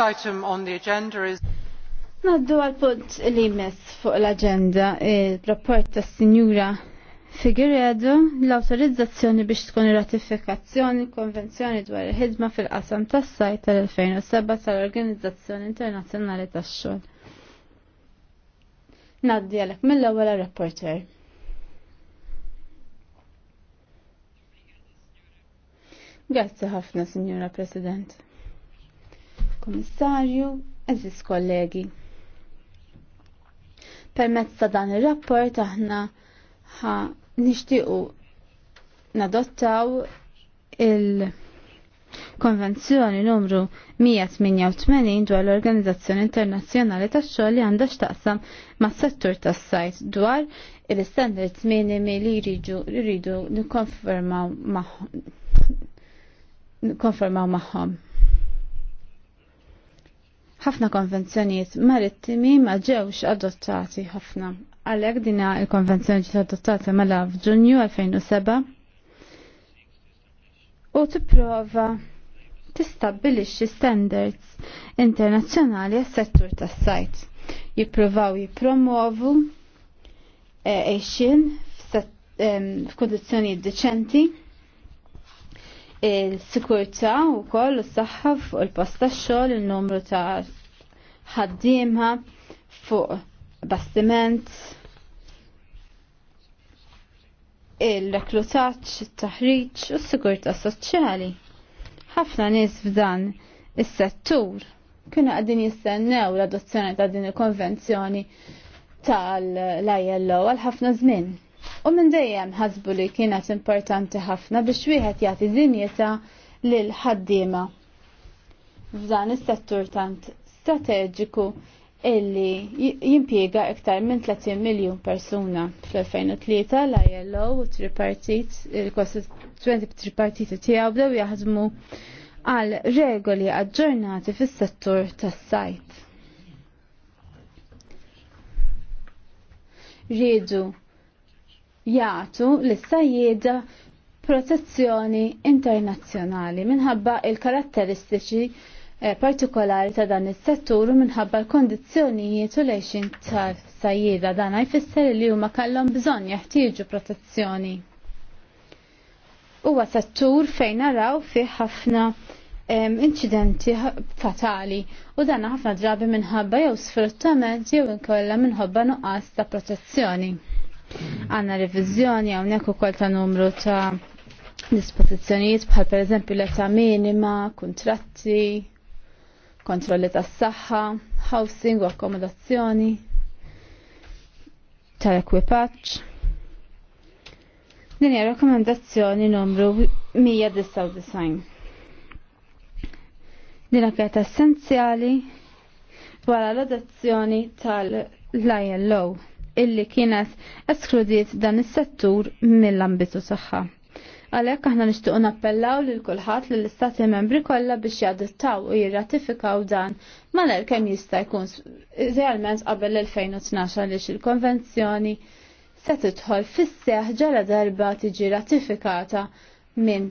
item on the agenda is Naddu għal punt li jmiss fuq l-agenda il-rapport ta' Sinjura Figueredo l-autorizzazzjoni biex tkun ratifikazzjoni konvenzjoni dwar il-ħidma fil-qasam tas sajt tal-2007 tal-Organizzazzjoni Internazzjonali tax-Xogħol. Naddi għalek mill-ewwel rapporter. Grazzi ħafna, Signora President. Komissarju, eżis kollegi. Permezz ta' dan ir-rapport aħna ħa nixtiequ nadottaw il- Konvenzjoni numru 188 dwar l-Organizzazzjoni Internazzjonali tax-xogħol li għandha x'taqsam mas-settur tas-sajt dwar il-standards minimi li jridu jridu nikkonfermaw magħhom. Nikkonfermaw magħhom ħafna konvenzjonijiet marittimi ma ġewx adottati ħafna. Għalhekk dina il-konvenzjoni ġiet adottata mela f'Ġunju 2007 u tipprova tistabbilixxi standards internazzjonali għas-settur tas-sajt. Jippruvaw jippromovu għexin eh, f'kondizzjonijiet deċenti il-sikurta u koll u s-saxħa fuq il-posta xol il-numru ta' ħaddimha fuq bastiment il-reklutaċ, il-taħriċ u s sikurta soċjali. ħafna nies f'dan is-settur kienu għadin jistennew l-adozzjoni ta' din il-konvenzjoni tal-ILO għal ħafna żmien. U minn dejjem ħasbu li kienet importanti ħafna biex wieħed jagħti dinjeta lil ħaddiema f'dan is-settur tant strateġiku illi jimpiega iktar minn 30 miljun persuna fl-2003 la jello u tripartit, il-kostituenti tripartit tijaw bdew jaħdmu għal regoli aġġornati fis-settur tas-sajt. Rridu jagħtu l sajjieda protezzjoni internazzjonali minħabba il-karatteristiċi eh, partikolari ta' dan is-settur u minħabba l-kondizzjonijiet u lejxin ta' sajjida dan jfisser li huma kellhom bżonn jeħtieġu protezzjoni. Huwa settur fejn naraw fih ħafna incidenti fatali u dan ħafna drabi minħabba jew sfruttament jew inkolla minħabba nuqqas ta' protezzjoni. Għanna revizjoni hawnhekk ukoll ta' numru ta' dispożizzjonijiet bħal pereżempju l-età minima, kontratti, kontrolli tas-saħħa, housing u akkomodazzjoni tal-ekwipaġġ. Din hija rakkomandazzjoni numru 199. Din kienet essenzjali wara l-adozzjoni tal-ILO illi kienet eskludiet dan is-settur mill-ambitu tagħha. Għalhekk aħna nixtiequ nappellaw lil kulħadd li l-istati membri kollha biex jadittaw u jirratifikaw dan maler kemm jista' jkun realment qabel l-2012 għaliex il-konvenzjoni se tidħol fis-seħ ġala darba tiġi ratifikata minn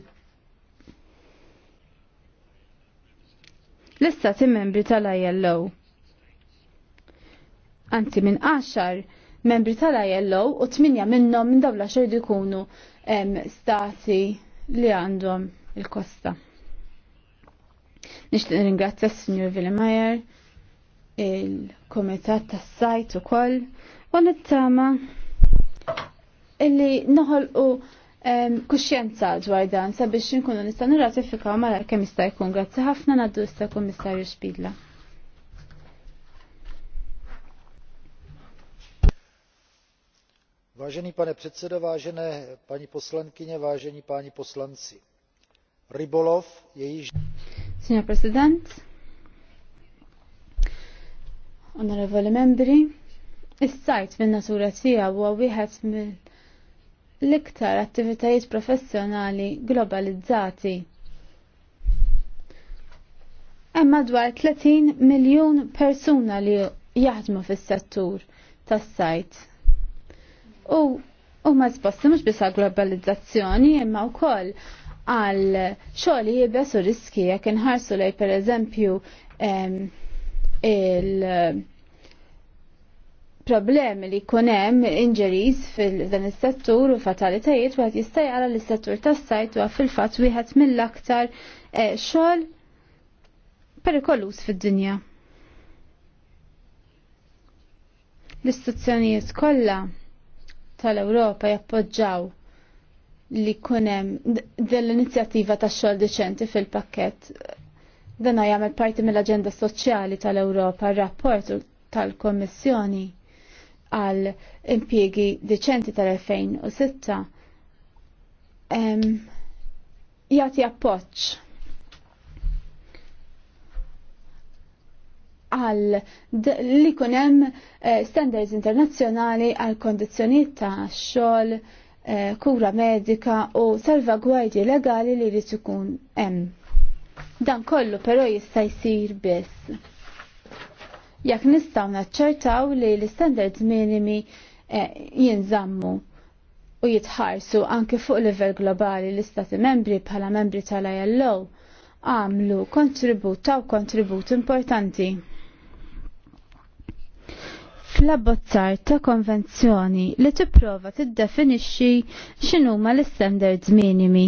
l-istati membri tal-ILO. Anti minn 10 membri tal-ILO u tminja minnhom minn dawla xejdu jkunu stati li għandhom il-kosta. Nixtieq ringrazzja s-Sinjur Villemeyer, il-Komitat tas-Sajt ukoll u nittama illi u kuxjenza dwar dan sabiex nkunu nistgħu nirratifikaw mara kemm jista' jkun grazzi ħafna ngħaddu issa Kummissarju Spidla. vážený pane předsedo vážené paní poslankyně vážení páni poslanci rybolov je již. signor president onorevoli membri is-sajt fin-natura tiegħu huwa wieħed mill-iktar attivitajiet professjonali globalizzati hemm madwar 30 miljun persuna li jaħdmu fis-settur tas-sajt u ma esposti mhux biss għall-globalizzazzjoni imma wkoll għal xoħli jibes u riski jekk inħarsu lej pereżempju il problemi li jkun hemm injuries fil-dan is-settur u fatalitajiet wieħed jista' jara li s-settur tas-sajt huwa fil-fatt wieħed mill-aktar eh, xogħol perikolus fil dinja l istuzzjonijiet kollha tal-Ewropa jappoġġaw li kunem dell-inizjattiva ta' xogħol deċenti fil-pakket. Dan jagħmel parti mill-aġenda soċjali tal-Ewropa r-rapport tal-Kommissjoni għal impjiegi deċenti tal-2006 jagħti appoġġ għal li kunem eh, standards internazzjonali għal kondizjoniet ta' xogħol, eh, kura medika u salvagwardji legali li jrid ikun hemm. Dan kollu però jista' jsir biss. Jekk nistgħu naċċertaw li l-standards minimi eh, jinżammu u jitħarsu anke fuq livell globali l-istati membri bħala membri tal-ILO għamlu kontribut taw kontribut importanti fl-abbozzar ta' konvenzjoni li tipprova tiddefinixxi x'inhuma l-standards minimi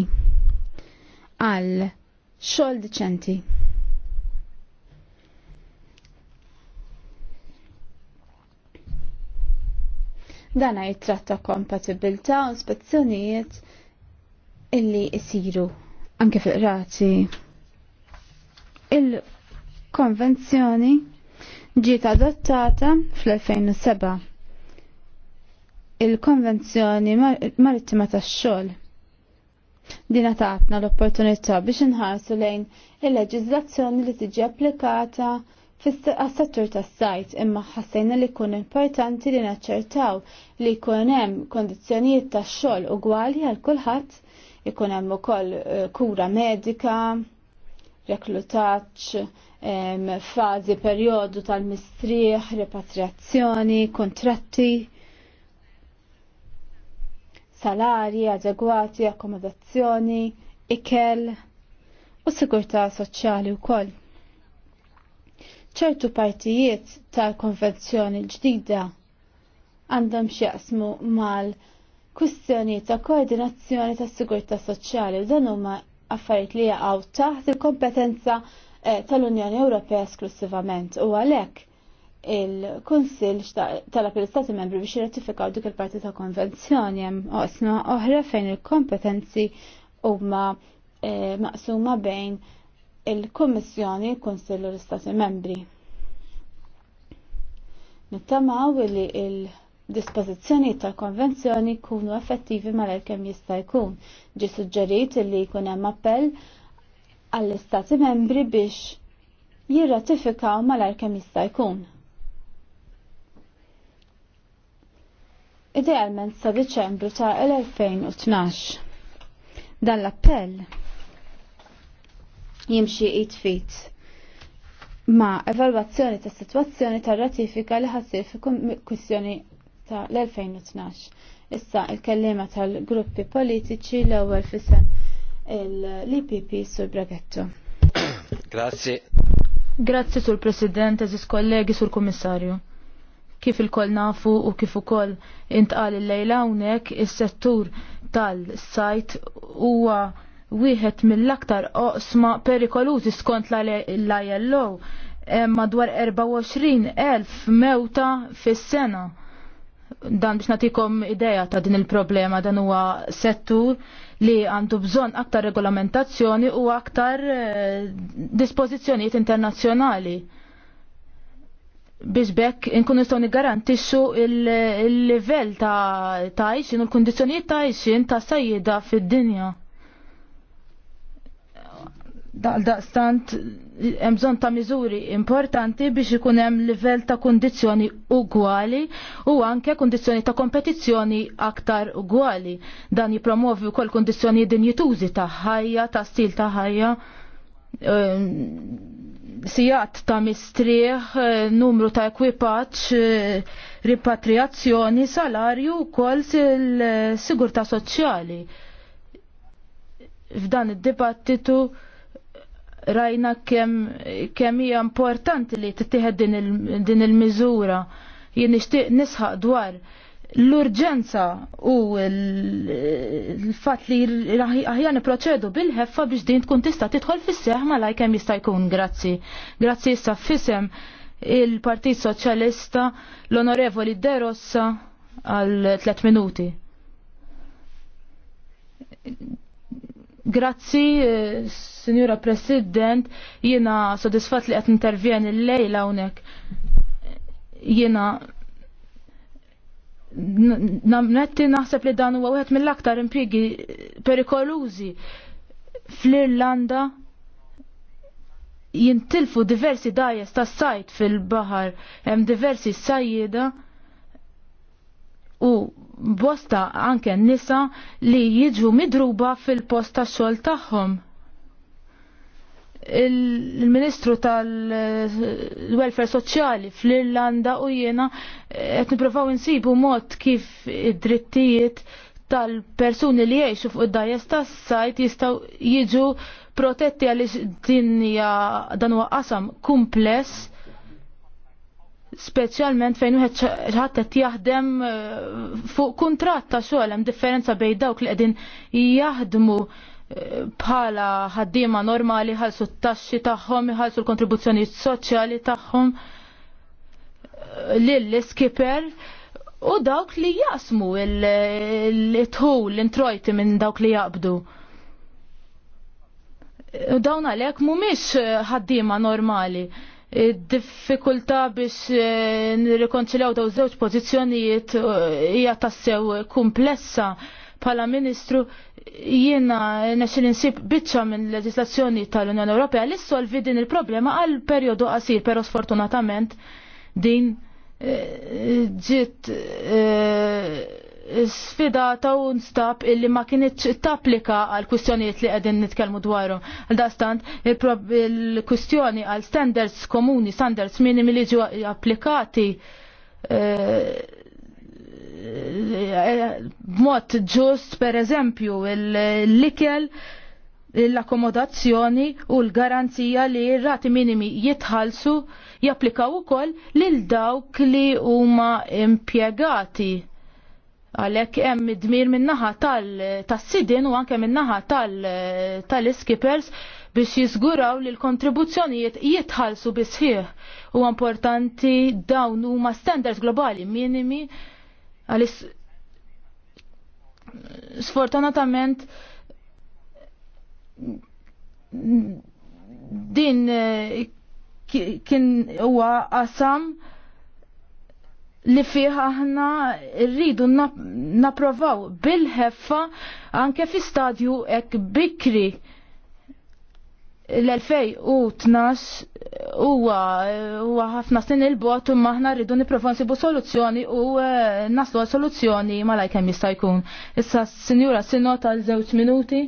għal xogħol diċenti. Dana jitratta kompatibilta u spezzjonijiet illi jisiru anke fil-rati il-konvenzjoni ġiet adottata fl-2007 il-Konvenzjoni Marittima tax-Xogħol. Din tatna l-opportunità biex inħarsu lejn il-leġiżlazzjoni li tiġi applikata fis-settur tas-sajt imma ħassejna li jkun importanti li naċċertaw li jkun hemm kondizzjonijiet tax-xogħol ugwali għal kulħadd ikun hemm ukoll eh, kura medika, reklutaġġ, fazi periodu tal-mistrieħ, repatriazzjoni, kontratti, salari adegwati, akkomodazzjoni, ikel u sigurtà soċjali wkoll. ċertu partijiet tal-konvenzjoni ġdida għandhom xieqsmu mal kustjoni ta' koordinazzjoni tas sigurtà soċjali u dan huma affarijiet li jaqgħu taħt il-kompetenza Eh, tal-Unjoni Ewropea esklusivament u għalhekk il-Kunsil talab l-Istati membri biex jirratifikaw dik il-parti ta' konvenzjoni hemm oqsma oħra fejn il-kompetenzi huma eh, maqsuma bejn il-Kummissjoni, il-Kunsil u l-Istati membri. Nittamaw li il dispozizjoni tal-konvenzjoni kunu effettivi mal-erkem jista' jkun. Ġi suġġerit li jkun hemm appell għall-Istati membri biex jirratifikaw mal-ar kemm jista' jkun. Idealment sa' Diċembru ta' 2012. Dan l-appell jimxi it-fit ma' evalwazzjoni ta' situazzjoni ta' ratifika li ħassir fi kwissjoni ta' l-2012. Issa il-kellima tal-gruppi politiċi l-ewwel fisem l-IPP sur Braghetto. Grazie. Grazzi sur President, sul kollegi sur Kommissarju. Kif il-koll nafu u kif ukoll intqal il-lejla hawnhekk is-settur tal-sajt huwa wieħed mill-aktar oqsma perikolużi skont l-ILO eh, madwar 24,000 mewta fis-sena. Dan biex natikom ideja ta' din il-problema dan huwa settur li għandu bżonn aktar regolamentazzjoni u aktar eh, dispożizzjonijiet internazzjonali biex bekk inkun nistgħu niggarantixxu il-livell ta' għajxin u l-kundizzjonijiet ta' għajxin ta' sajjida fid-dinja. Daqstant hemm bżonn ta' miżuri importanti biex ikun hemm livell ta' kundizzjoni ugwali u anke kundizzjoni ta' kompetizzjoni aktar ugwali. Dan jipromovi wkoll kundizzjoni dinjitużi ta' ħajja, ta' stil ta' ħajja ehm, sijat ta' mistrieħ, eh, numru ta' ekwipaċ, eh, ripatriazzjoni, salarju u kol eh, sigurta soċjali. F'dan id-dibattitu rajna kemm kemm hija importanti li tittieħed din il-miżura. Jien nixtieq nisħaq dwar l-urġenza u l-fatt li aħjan proċedu bil-ħeffa biex din tkun tista' tidħol fis-seħ malaj kemm jista' jkun grazzi. Grazzi issa fisem il-Partit Soċjalista l-Onorevoli Derossa għal tliet minuti. Grazzi eh, Signora President, jiena sodisfat li qed intervjeni l-lejla hawnhekk. Jiena namnetti naħseb li dan huwa wieħed mill-aktar impjiegi perikolużi fl-Irlanda jintilfu diversi dajes ta' sajt fil baħar hemm diversi sajjida u bosta anke nisa li jiġu midruba fil-post ta' xogħol tagħhom il-Ministru tal-Welfare Soċjali fl-Irlanda u jiena eh, qed nippruvaw insibu mod kif id-drittijiet tal-persuni li jgħixu fuq id-dajes tas-sajt jistgħu jiġu protetti għaliex hija dan huwa qasam kumpless speċjalment fejn wieħed ħadd qed jaħdem eh, fuq kuntratt ta' xogħol hemm differenza bejn dawk li qegħdin jaħdmu bħala ħaddiema normali ħalsu t-taxxi tagħhom, ħalsu l-kontribuzzjoni soċjali tagħhom lill-iskiper u dawk li jaqsmu l-tħul, l-introjti minn dawk li jaqbdu. U dawn għalek mumiex ħaddiema normali. Diffikulta biex eh, nirrikonċiljaw daw żewġ pożizzjonijiet eh, hija tassew komplessa bħala ministru jiena nesil insib bitċa minn leġislazzjoni tal-Unjoni Ewropea li solvi din il-problema għal periodu qasir, pero sfortunatament din eh, ġiet eh, sfidata un stab illi ma kienieċ tapplika għal kustjonijiet li għedin nitkelmu dwarhom. Għal dastant il-kustjoni għal standards komuni, standards minimi li ġu applikati eh, b'mod ġust per eżempju l-likel l-akkomodazzjoni u l-garanzija li r-rati minimi jitħalsu japplikaw ukoll lil dawk li huma impjegati għalhekk hemm dmir min-naħa tas-sidin u anke min-naħa tal skippers biex jizguraw li l-kontribuzzjonijiet jitħalsu bisħieħ u importanti dawn huma standards globali minimi Għalis sfortunatament din eh, kien huwa qasam li fih aħna rridu napprovaw bil-ħeffa anke fi stadju ek bikri l-2012 huwa huwa ħafna snin il-bot u maħna rridu nipprova nsibu soluzzjoni u eh, naslu soluzzjoni malaj kemm jista' jkun. Issa sinjura sinot għal żewġ minuti.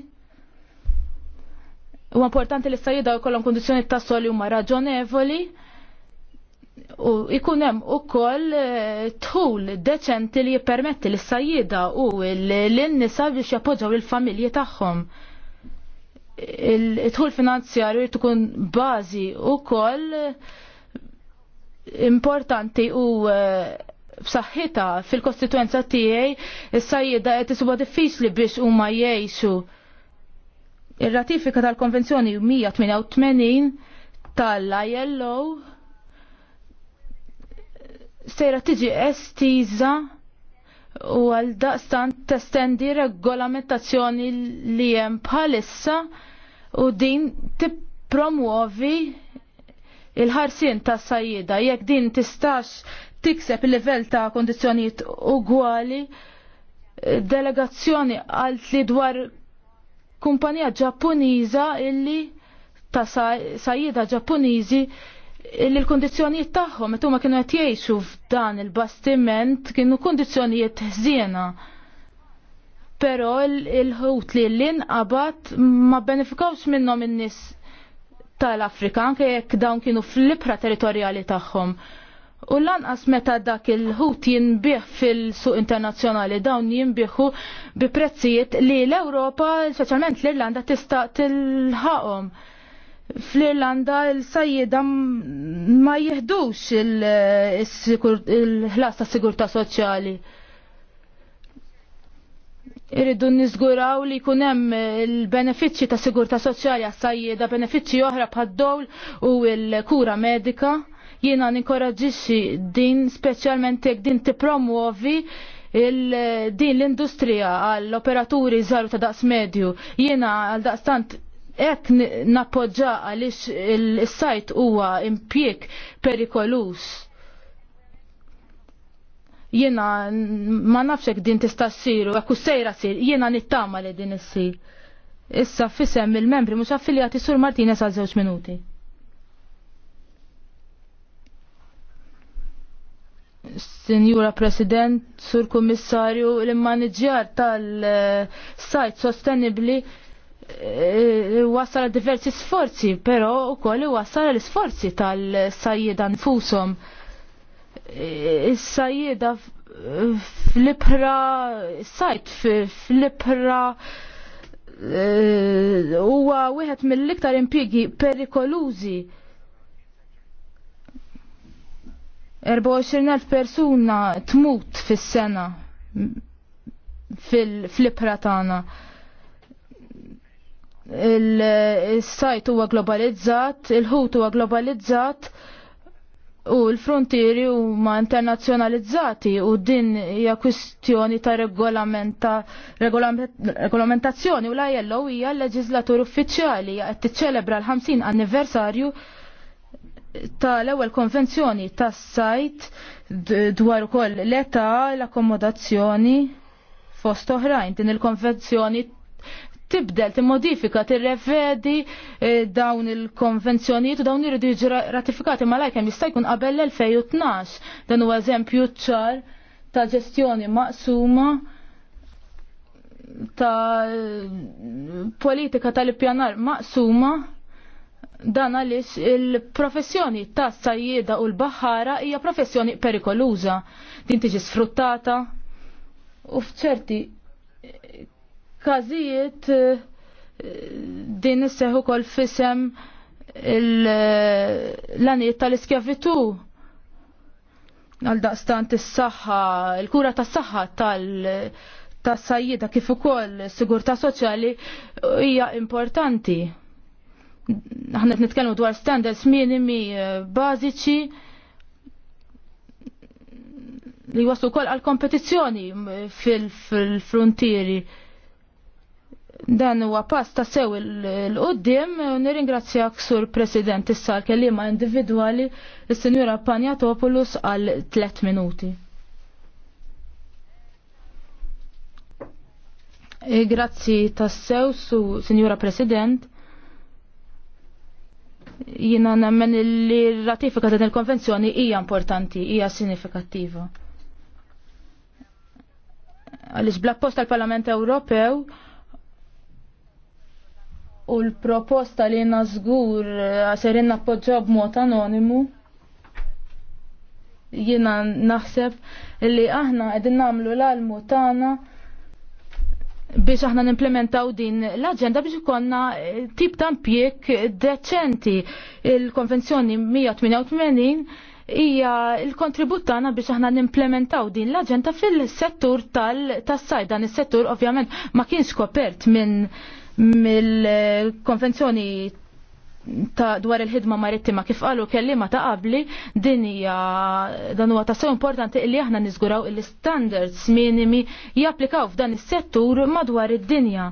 U importanti li sajida jkollhom kondizzjoni ta' soli huma raġonevoli u ikun hemm ukoll eh, tħul deċenti li jippermetti lis sajjida u l-nisa biex jappoġġaw lill familji tagħhom il-tħul finanzjarju jrid ikun bażi wkoll importanti u eh, b'saħħitha fil-kostituenza tiegħi is-sajjieda qed isibha diffiċli biex huma jgħixu. Ir-ratifika tal-Konvenzjoni 188 tal-ILO sejra tiġi estiża u għal daqstan testendi regolamentazzjoni li hemm bħalissa u din tippromuovi il-ħarsien ta' sajjida jekk din tistax tikseb il-livell ta' kondizjonijiet ugwali delegazzjoni għal li dwar kumpanija ġappuniża illi ta' sajjida ġappuniżi illi l-kondizjonijiet tagħhom meta huma kienu qed jgħixu f'dan il-bastiment kienu kondizzjonijiet ħżiena pero il-ħut li l-inqabat ma benefikawx minnom in-nis tal-Afrika, anke jekk dawn kienu fl-libra territorjali tagħhom. U lanqas meta dak il-ħut jinbih fil-suq internazzjonali dawn jinbihu bi prezzijiet li l-Ewropa, speċjalment l-Irlanda, tista' tilħaqhom. Fl-Irlanda l-sajjida ma jihdux il-ħlas ta' sigurta soċjali irridu nizguraw li jkun hemm il-benefiċċji ta' sigurtà soċjali għas-sajjieda, benefiċċji oħra bħad-dowl u l-kura medika. Jiena ninkoraġiċi din speċjalment jekk din tippromuovi din l-industrija għall operaturi żaru ta' daqs medju. Jiena għal daqstant hekk nappoġġa għaliex is sajt huwa impjieg perikolus Jiena ma nafx hekk din tista' ssir u hekk sejra ssir, jiena nittama li din issir. Issa fissem il-membri mhux affiljati Sur Martinez għal żewġ minuti. Senjura President, Sur Kummissarju, l-immaniġjar tal-sajt sostenibli eh, wasal diversi sforzi, però u koll wasal l-sforzi tal-sajjeda nfusom sajjeda fl-ibra, sajt fl-ibra eh, huwa wieħed mill-iktar impjiegi perikolużi 24.000 persuna tmut fis-sena fil-flipra tagħna. Il-sajt huwa globalizzat, il-ħut huwa globalizzat, il u l-frontieri huma internazzjonalizzati u din hija kwistjoni ta' regolamenta, regolamentazzjoni u la jello hija l-leġislatur uffiċjali qed tiċċelebra l-50 anniversarju tal-ewwel konvenzjoni tas-sajt dwar ukoll l-età l-akkomodazzjoni fost oħrajn din il-konvenzjoni tibdel, timmodifika, tirrevedi eh, dawn il-konvenzjonijiet u dawn irridu jiġu ratifikati Ma lajkem jista' jkun qabel l-2012. Dan huwa eżempju ċar ta' ġestjoni maqsuma ta' politika tal-ippjanar maqsuma dan għaliex il-professjoni ta' sajjida u l-baħħara hija professjoni perikoluża din tiġi sfruttata u f'ċerti każijiet eh, din isseħu kol fisem l-għaniet eh, tal-iskjavitu għal-daqstant is-saħħa, il-kura tas-saħħa tal-sajjida kif ukoll sigurta soċjali hija importanti. Aħna qed nitkellmu dwar standards minimi eh, bażiċi li waslu wkoll għal kompetizzjoni fil-frontieri. Fil Dan huwa pass ta' sew il-qoddim u nirringrazzjak sur President issa l-kelliema individwali is-Sinjura Panjatopoulos għal tliet minuti. E, grazzi sew su Sinjura President. Jina nemmen li ratifika ta' il-konvenzjoni hija importanti, hija sinifikattiva. Għaliex bla appost tal-Parlament Ewropew u l-proposta li jena zgur għaserin eh, nappoġġaw b'mod anonimu jena naħseb li aħna għedin namlu l-almu tana biex aħna nimplementaw din l-agenda biex ikonna eh, tip ta' impjek deċenti. Il-konvenzjoni 188 hija il-kontribut tagħna biex aħna nimplementaw din l-aġenda fil-settur tal sajda dan is-settur ovvjament ma kienx kopert minn mill-konvenzjoni ta' dwar il-ħidma marittima kif qalu kellima ta' qabli din hija dan huwa tassew importanti li aħna niżguraw il-standards minimi japplikaw f'dan is-settur madwar id-dinja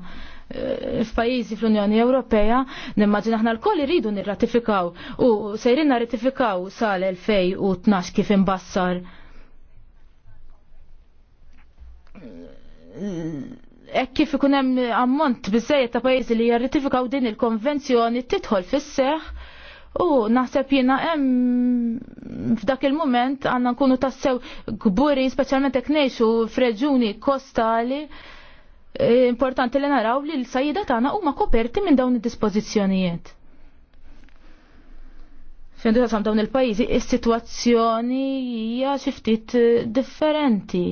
eh, f'pajjiżi fl-Unjoni Ewropea nimmaġina aħna lkoll iridu nirratifikaw u sejrin ratifikaw sal-2012 kif imbassar eh, E kif ikun hemm ammont biżejjed ta' pajjiżi li jarritifikaw din il-konvenzjoni titħol fis-seħ u naħseb jiena hemm f'dak il-mument għandna nkunu tassew kburi speċjalment hekk ngħixu f'reġuni kostali importanti li naraw li l-sajjida tagħna huma koperti minn dawn id-dispożizzjonijiet. Fendu dawn il-pajjiżi is-sitwazzjoni hija xi ftit differenti.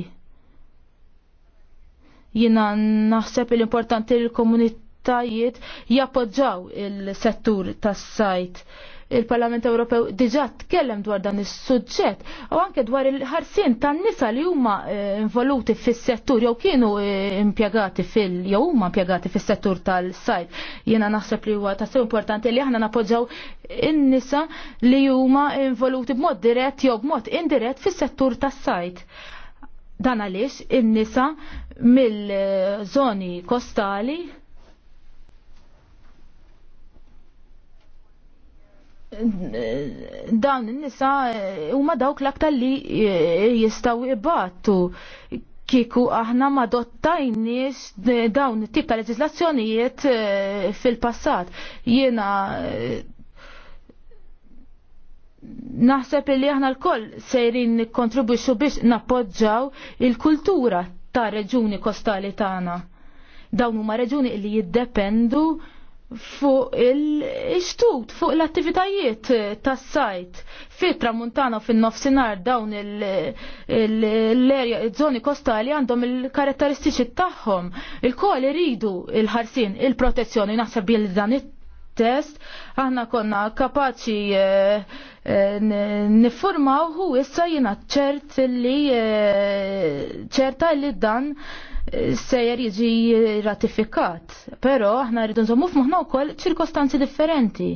Jina naħseb l-importanti l-komunitajiet jappoġġaw il-settur tas-sajt. Il-Parlament Ewropew diġà tkellem dwar dan is-suġġett u anke dwar il-ħarsien tan-nisa li huma eh, involuti fis-settur jew kienu eh, impjegati fil jew huma impjegati fis-settur tal-sajt. Jiena naħseb li huwa tassew importanti li aħna napoġġaw in-nisa li huma involuti b'mod dirett jew b'mod indirett fis-settur tas-sajt. Dan għaliex in-nisa mill-żoni kostali dawn in-nisa huma dawk l-aktar li jistgħu ibattu kiku aħna ma dottajniex dawn it-tip ta' leġislazzjonijiet eh, fil-passat. Jiena eh, naħseb li aħna l-koll sejrin kontribuċu biex nappoġġaw il-kultura ta' reġuni kostali tagħna. Dawn huma reġuni li jiddependu fuq il-istut, fuq l-attivitajiet tas-sajt. Fit tramuntana u fin-nofsinhar dawn l-erja żoni kostali għandhom il-karatteristiċi tagħhom. Il-kol iridu il-ħarsin, il-protezzjoni naħseb bil dan it test aħna konna kapaċi eh, eh, niffurmaw hu issa jina ċert li eh, ċerta li dan sejjer jiġi ratifikat. Pero aħna rridu nżommu u wkoll ċirkostanzi differenti.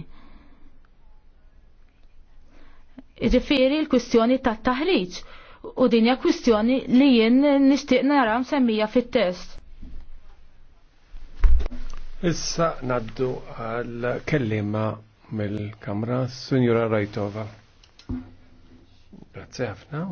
Ġifieri l-kwistjoni tat-taħriġ u dinja kwistjoni li jien nixtieq naram msemmija fit-test. Issa naddu għal kellima mill-kamra, Signora Rajtova. Grazie ħafna.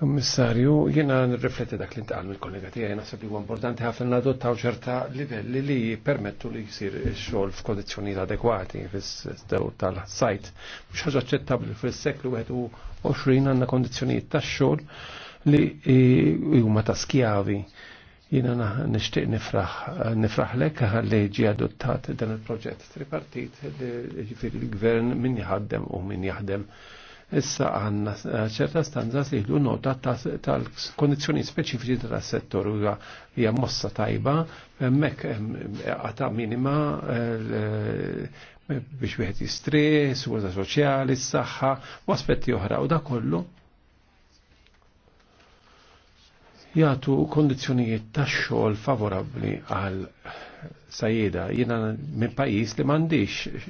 Kommissarju, jena nirrifletti dak li ntaqal mill-kollega tiegħi jena li huwa importanti ħafna nadottaw ċerta livelli li jippermettu li jsir xogħol f'kondizzjonijiet adekwati fis-sew tal-sajt. Mhux ħaġa aċċettabbli fis-seklu 21 għandna kondizzjonijiet tax-xogħol li huma ta' skjavi Jina nishtiq nifraħ nifraħlek li ġi adottat dan il-proġett tripartit li ġifiri l-gvern min jaħdem u min jaħdem. Issa għanna ċerta stanza siħlu nota tal-kondizjoni speċifiċi tal-settor u hija mossa tajba, mek għata minima eh, biex wieħed jistri, u soċjali, s-saħħa u aspetti oħra u da kollu jgħatu kondizzjonijiet tax-xogħol favorabbli għal sajjeda. Jiena minn pajjiż li m'għandix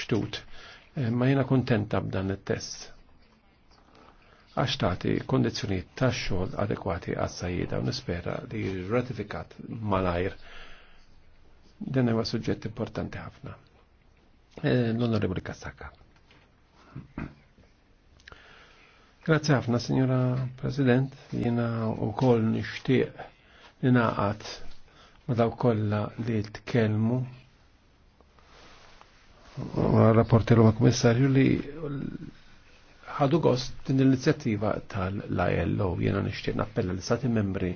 xtut, eh, ma jiena kuntenta b'dan it-test għax tagħti kondizzjonijiet tax-xogħol adekwati għas sajjeda u nispera li ratifikat malajr. Dan huwa suġġett importanti ħafna. Eh, L-Onorevoli Kassaka. Grazie ħafna, Signora President, jena u koll nishtiq li naqat ma daw kolla li tkelmu Rapporti ma komissarju li ħadu gost din l-inizjattiva tal-ILO jena nishtiq nappella li stati membri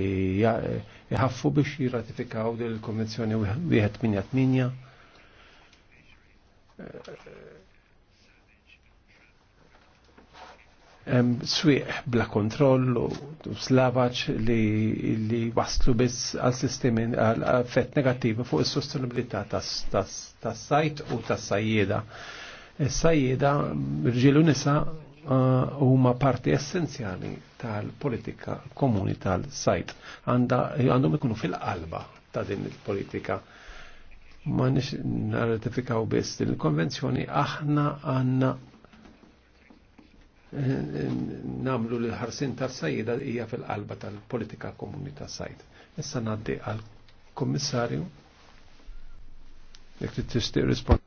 jħaffu biex jiratifikaw l konvenzjoni 188 swieħ bla kontroll u slavaċ li, li waslu biss għal sistemi għal effett negattivi fuq is-sostenibilità tas-sajt u tas-sajjeda. Is-sajjeda rġilu nisa uh, huma parti essenzjali tal-politika komuni tal-sajt. Għandhom ikunu fil-qalba ta' din il-politika ma nix narratifikaw biss il-konvenzjoni, aħna għanna namlu li ħarsin tas-sajjida hija fil-qalba tal-politika komunita tas-sajd. Issa ngħaddi għall-Kummissarju. Jekk tixtieq rispond.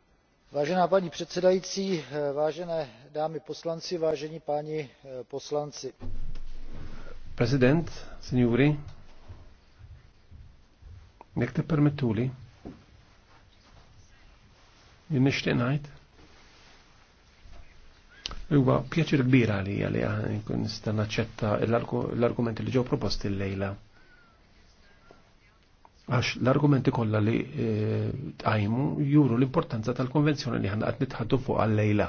Vážená paní předsedající, vážené dámy poslanci, vážení páni eh, poslanci. President, signori, te permettuli, jien nixtieq ngħid Huwa pjaċir kbir għalija li nkun nista' naċċetta l-argumenti li ġew proposti l-lejla. Għax l-argumenti kollha li eh, tqajmu juru l-importanza tal-konvenzjoni li ħanqat nitħaddu fuq għal-lejla.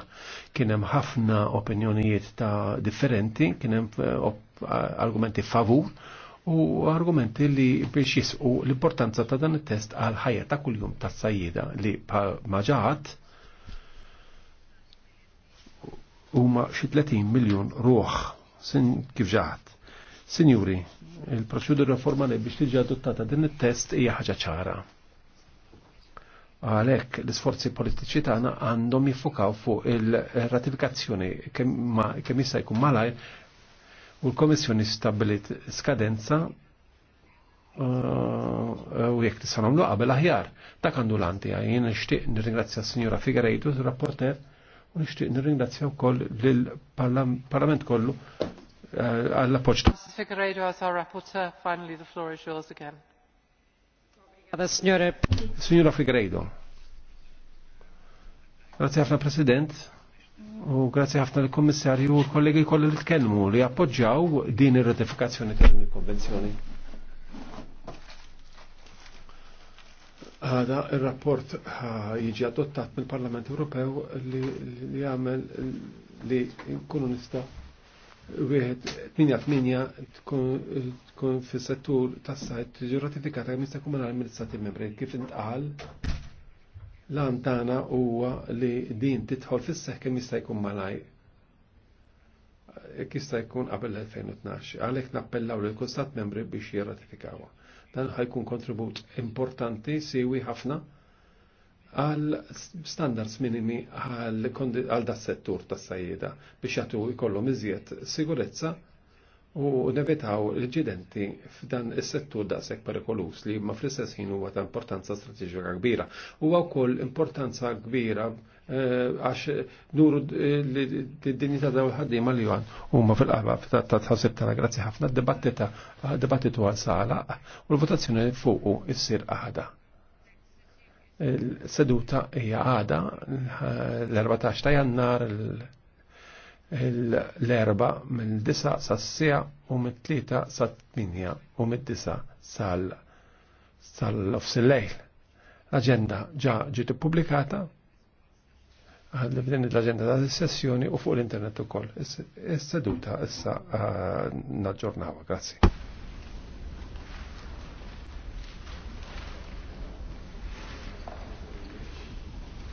Kien hemm ħafna opinjonijiet ta' differenti, kien hemm eh, argumenti favur u argumenti li biex jisqu l-importanza ta' dan it-test għal ħajja ta' kuljum tas-sajjida li maġaħat huma xi 30 miljun ruħ sin kif ġaħat. Sinjuri, il-proċedura formali biex tiġi adottata din it-test hija ħaġa ċara. Għalhekk l-isforzi politiċi tagħna għandhom jiffukaw fuq il-ratifikazzjoni kemm jista' jkun malajr u l-Komissjoni stabilit skadenza uh, uh, u jekk tista' nagħmlu qabel aħjar. Dak għandu l-anti jien nixtieq nirringrazzja s-Sinjura Figueiredo, rapporter u nixtieq nirringrazzja wkoll lill-Parlament kollu eh, għall appoġġ Signora Figueiredo. Grazie ħafna President u grazie ħafna l-Kommissarju u l-kollegi kollu li tkellmu li appoġġjaw din ir-ratifikazzjoni tal-konvenzjoni. Għada il-rapport jiġi adottat mill-Parlament Ewropew li għamel li nkunu nista' wieħed 88 tkun fis-settur tas-sajt tiġi ratifikata kemm jista' jkun mill-Istati Membri. Kif intqal lan tagħna huwa li din tidħol fis-seħħ kemm jista' jkun malaj jekk jista' jkun qabel l-2012. Għalhekk nappellaw lill stat membri biex jirratifikawha. Dan ħajkun kontribut importanti siwi ħafna għal standards minimi għal dat settur tas-sajjeda biex jagħtu jkollhom iżjed sigurezza u nevitaw l-ġidenti f'dan is-settur daqshekk perikolus li ma fl-istess ħin huwa ta' importanza strateġika kbira. Huwa wkoll importanza kbira eh, għax nuru d-dinjità daw ħaddiema li għan huma fil-qalba ta' tħassib tagħna grazzi ħafna d debattitu għal sala u l-votazzjoni fuqu issir għada. Seduta hija għada l-14 ta' jannar l-erba minn disa sa' s-sija u minn tlita sa' t-minja u minn disa sal-ofs lejl L-agenda ġa ġiet publikata għal-dividend l-agenda ta' sessjoni u fuq l-internet u koll. Is-seduta issa eh, naġġornawa. Grazie.